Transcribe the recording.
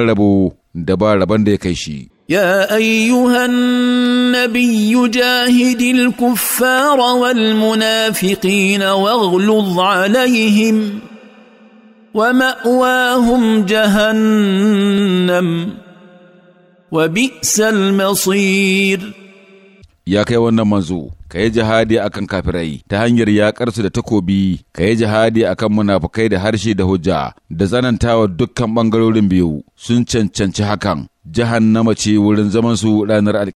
rabo da ba rabon يا ايها النبي جاهد الكفار والمنافقين واغلظ عليهم وماواهم جهنم وبئس المصير ya kai wannan manzo ka yi jihadi a akan kafirai ta hanyar yakar su da takobi ka yi jihadi a kan munafukai da harshe da hujja da tsanantawa dukkan bangarorin biyu sun cancanci hakan na mace wurin zaman su ranar